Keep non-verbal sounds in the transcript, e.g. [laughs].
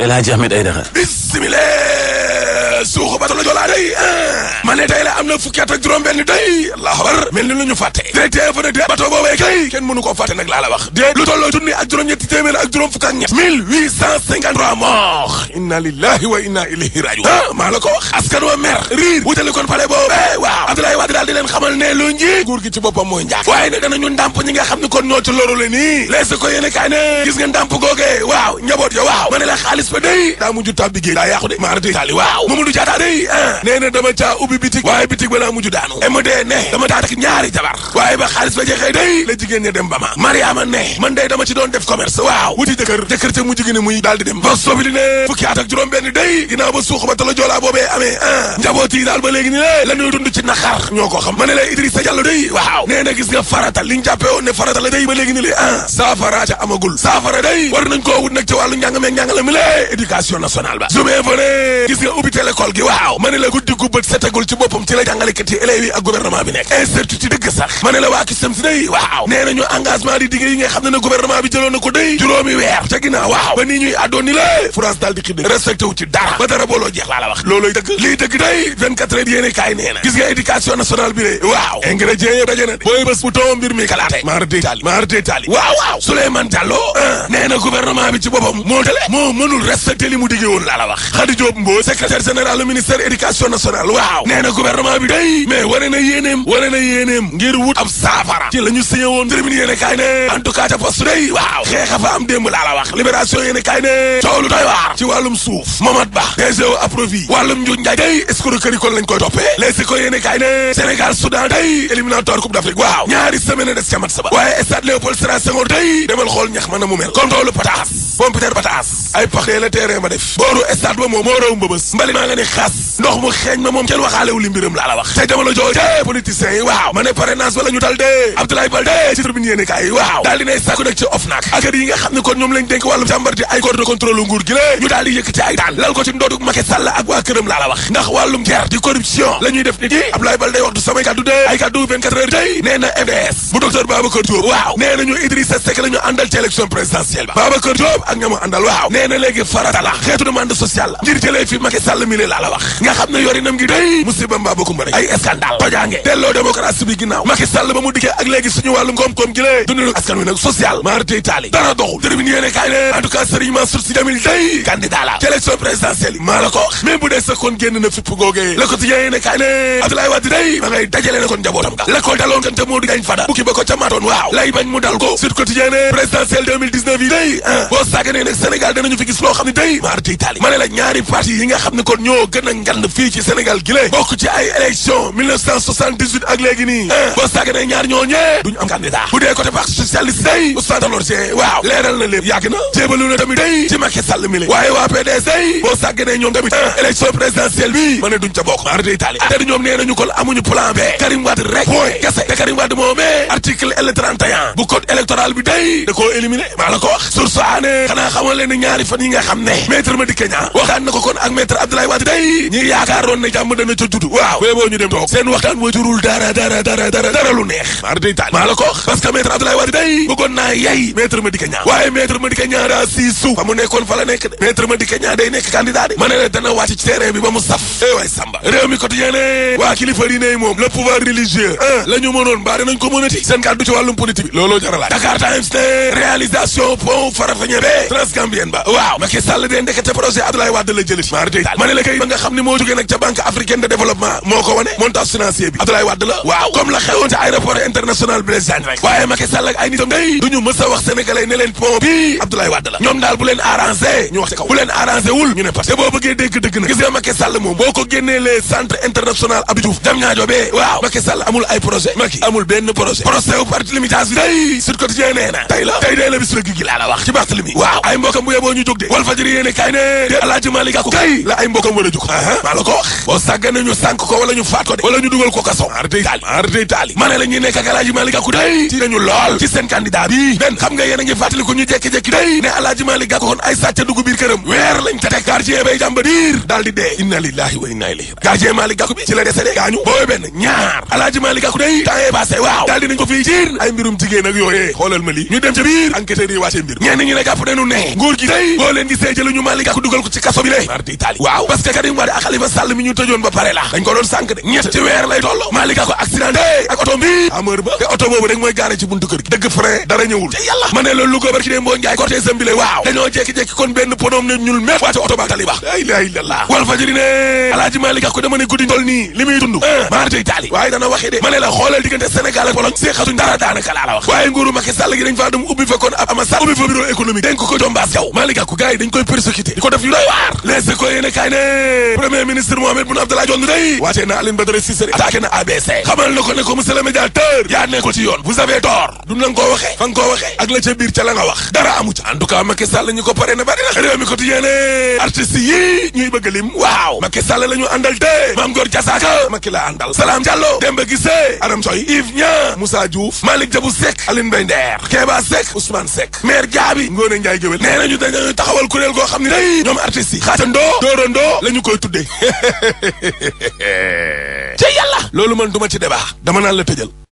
El Hadji Ahmed Aidara bismillah suuxu bato eh. la jolaa day ma ne am na fukki ak juróom benn day allahu akbar mel ni lu ñu fàtte directeur fa ne de bato boobee kay kenn mënu koo nag laa la wax dée lu tolloo junni ak juróom ñetti téeméer ak juróom fukk ak ñett mille huit cent cinquante inna lillahi wa inna ilayhi rajiun ah maa la ko wax askan wa mer riir wutali kon pale boobee eh, waaw Abdoulaye Wade daal di leen xamal ne lu nji nguur gi ci boppam mooy njaak waaye ne kon Mamadou Diatta day ah nee na dama caa ubbi bitig waaye bitig balaa mujj daanu MD ne dama taa ñaari jabar waaye ba xaalis ba jeexee day la jigéen ña dem ba ma ne man day dama ci doon def commerce waaw wuti jëkkër jëkkër ca mujj gi ne muy daal di dem ba sobi li fukki at juróom benn day ginnaaw ba suux ba tala joolaa boobee amee ah daal ba léegi ni lée la ñuy dund ci naxar ñoo ko xam ma ne la Idrissa Diallo day waaw nee na gis nga farata li ñu woon école gi waaw ma ne la guddi gu bët setagul ci boppam ci la jàngalekat yi élèves ak gouvernement bi nekk incertitude dëgg sax ma la waa kisam si day waaw nee nañu engagement di digg yi nga xam ne ne gouvernement bi jëloon na ko day juróomi weer ca ginnaaw waaw ba nii ñuy àddoon ni la France daal di xidde ci dara ba dara booloo jeex laa la wax looloy dëgg lii dëgg day 24 heures bi de waaw nee na gouvernement bi ci boppam moo tale moo mënul respecté généralu ministère éducation nationale waaw nee na bi day mais wane na yéeneem wane ngir wut ab saafara ci la ñu signé woon tribune yéene kaay ne en tout ca poste day waaw xeexa fa am démb laa la wax libération yéene kaay ne coow waar ci wàllum suuf Mamad Ba DG approvi wàllum njuuj njaaj day escroquerie kon lañ koy toppee les ko yéene kaay Sénégal Soudan day éliminatoire coupe d'Afrique waaw ñaari semaine des ca mat sa ba waaye stade Léopold Sédar Senghor day demal xool ñax mën na mu mel comme toolu pataas pompiteer pataas ay paxee la terrain ba def booru stade ni xas ndox mu xeeñ ma moom kenn waxaalewu li mbiram laa la wax tey dama la jooy te politiciens yi waaw ma ne parrainage wala ñu dal dee Abdoulaye Baldé ci tribune yéene kaay yi waaw daal dinay sàkku nag ci OFNAC ak kër yi nga xam ne kon ñoom lañ dénk wàllu jàmbar ji ay corps de contrôle nguur gi lée ñu daal di yëkkati ay daan lal ko ci ndoodu Macky Sall ak waa këram laa la wax ndax wàllum guerre di corruption la ñuy def nit yi Abdoulaye Baldé wax du samay kàddu dee ay kàddu 24 heures tey nee na MDS bu docteur Babacar Diop waaw nee nañu Idrissa Seck la ñu àndal ci élection présidentielle ba Babacar Diop ak ñamu àndal waaw nee na léegi farata la xeetu demande sociale la ngir jëlee fi Macky Sall mi laa la wax nga xam wax même day ma ngay dajale na kon njabootam ga la daloon kan te moo di dañ fada bukki ba ko ca maatoon waaw lay bañ mu dal ko Sud Quotidien ne présidentielle 2019 yi day ah boo saaganee nag Sénégal danañu fi gis loo xam ne day maarité taali ma ne la ñaari parti yi nga xam ne kon ñoo gën a ngand fii ci Sénégal gi bokk ci ay élection 1978 ak léegi nii ah. boo sàgganee ñaar ñoo ñee duñu am candidat bu dee côté parti socialiste day Oustaz Tanor Dieng waaw leeral na lépp yàgg na jéebalu na tamit day ci Macky Sall mi lé waaye waa PDS day ko sàgganee ñoom tamit eh, élection présidentielle bi ma ne duñ ca bokk maa rëdd Italie ah. te ñoom nee nañu kon amuñu plan B Karim Wade rek point kese te Karim Wade moomee article l bu code électoral bi day da koo éliminé maa la ko wax sur xanaa xamal leen ñaari fan nga xam ne maître Madické Niang waxtaan na ko kon ak maître Abdoulaye Wade day ñi yaakaaroon ne jàmm dana ca juddu waaw boo ñu dem toog seen waxtaan wa jurul dara dara dara dara lu neex maa candidat di ma ne ci terrain bi ba mu saf eh waay samba réew mi quotidien waa kilifa diine moom le pouvoir religieux ah mënoon mbaa dinañ ko mënati seen kàddu ci wàllum politique bi looloo jaralaay Dakar Times ne réalisation pont Farafenni be Transgambienne ba waaw Macky Sall de ndekete projet Abdoulaye Wade la jëlati maar day daal ma nga xam ne moo jógee nag ca banque africaine de développement moo ko wane montage financier bi Abdoulaye a ne parce que boo bëggee dégg dëgg na gis nga Macky Sall moom boo ko génnee centre international Abdou Diouf jam ñaajo bee waaw Macky Sall amul ay projet Macky amul benn projet projet wu parti limitage bi day Sud Quotidien nee na tey la tey day la bis la gi la ay mbokam bu yeboo ñu jóg de Walf Fadjri yéene kaay ne de Alaaji Malick kay la ay mbokam war a jóg maa la ko boo sàggane ñu sànk ko wala ñu faat ko de wala ñu dugal ko kaso ardey taali taali gardien dee inna lillahi wa inna ilayhi gardien Malick Gakou bi ci la décédé gaañu boobu benn ñaar alaaji Malick Gakou day temps yee waaw daal di ko fii jiir ay mbirum jigéen ak yooyee xoolal ma lii ñu dem ca gi tey boo ñu Malick Gakou dugal ko ci kaso bi le waaw parce que Karim Wade ak Khalifa Sall mi ñu tëjoon ba pare la dañ ko doon sànq de ñett ci weer lay toll Malick Gakou accidenté ak oto bi te oto boobu rek mooy gaare ci buntu kër gi tali ba la ilaha illallah wal fajiri ne ko dama ne guddi tol nii li muy dund eh. maartey waaye dana waxee de ma la xoolal diggante Sénégal ak Pologne seexatuñ dara daanaka gi dañ faa dem ubbi fa ama sall ubbi fa bureau économique dénk ko jombaas jaw Malick ko gars dañ koy persécuté di ko def yu doy waar les ko yéene ne premier ministre Mohamed Boun Abdallah Dionne day wàccee na Aline Badara Cissé attaqué na ABC xamal na ko ne ko monsieur le médiateur yaa nekkul ko artiste yii ñuy bëgg lim waaw Macky Sall la ñu àndal de Mame Ngor Diazaka la àndal salaam Diallo Demba Guissé Adam Soy Yves Niang Moussa Diouf Malick Diabou Seck Aline Mbaye Nder Kéba Seck Ousmane Seck maire Diaby Ngoné Ndiaye Guèwel nee nañu dañu taxawal kuréel goo xam ne day ñoom artistes yi xaatandoo dóorandoo la ñu koy tuddee [laughs] ca yàlla loolu man duma ci débat dama naan la tëjal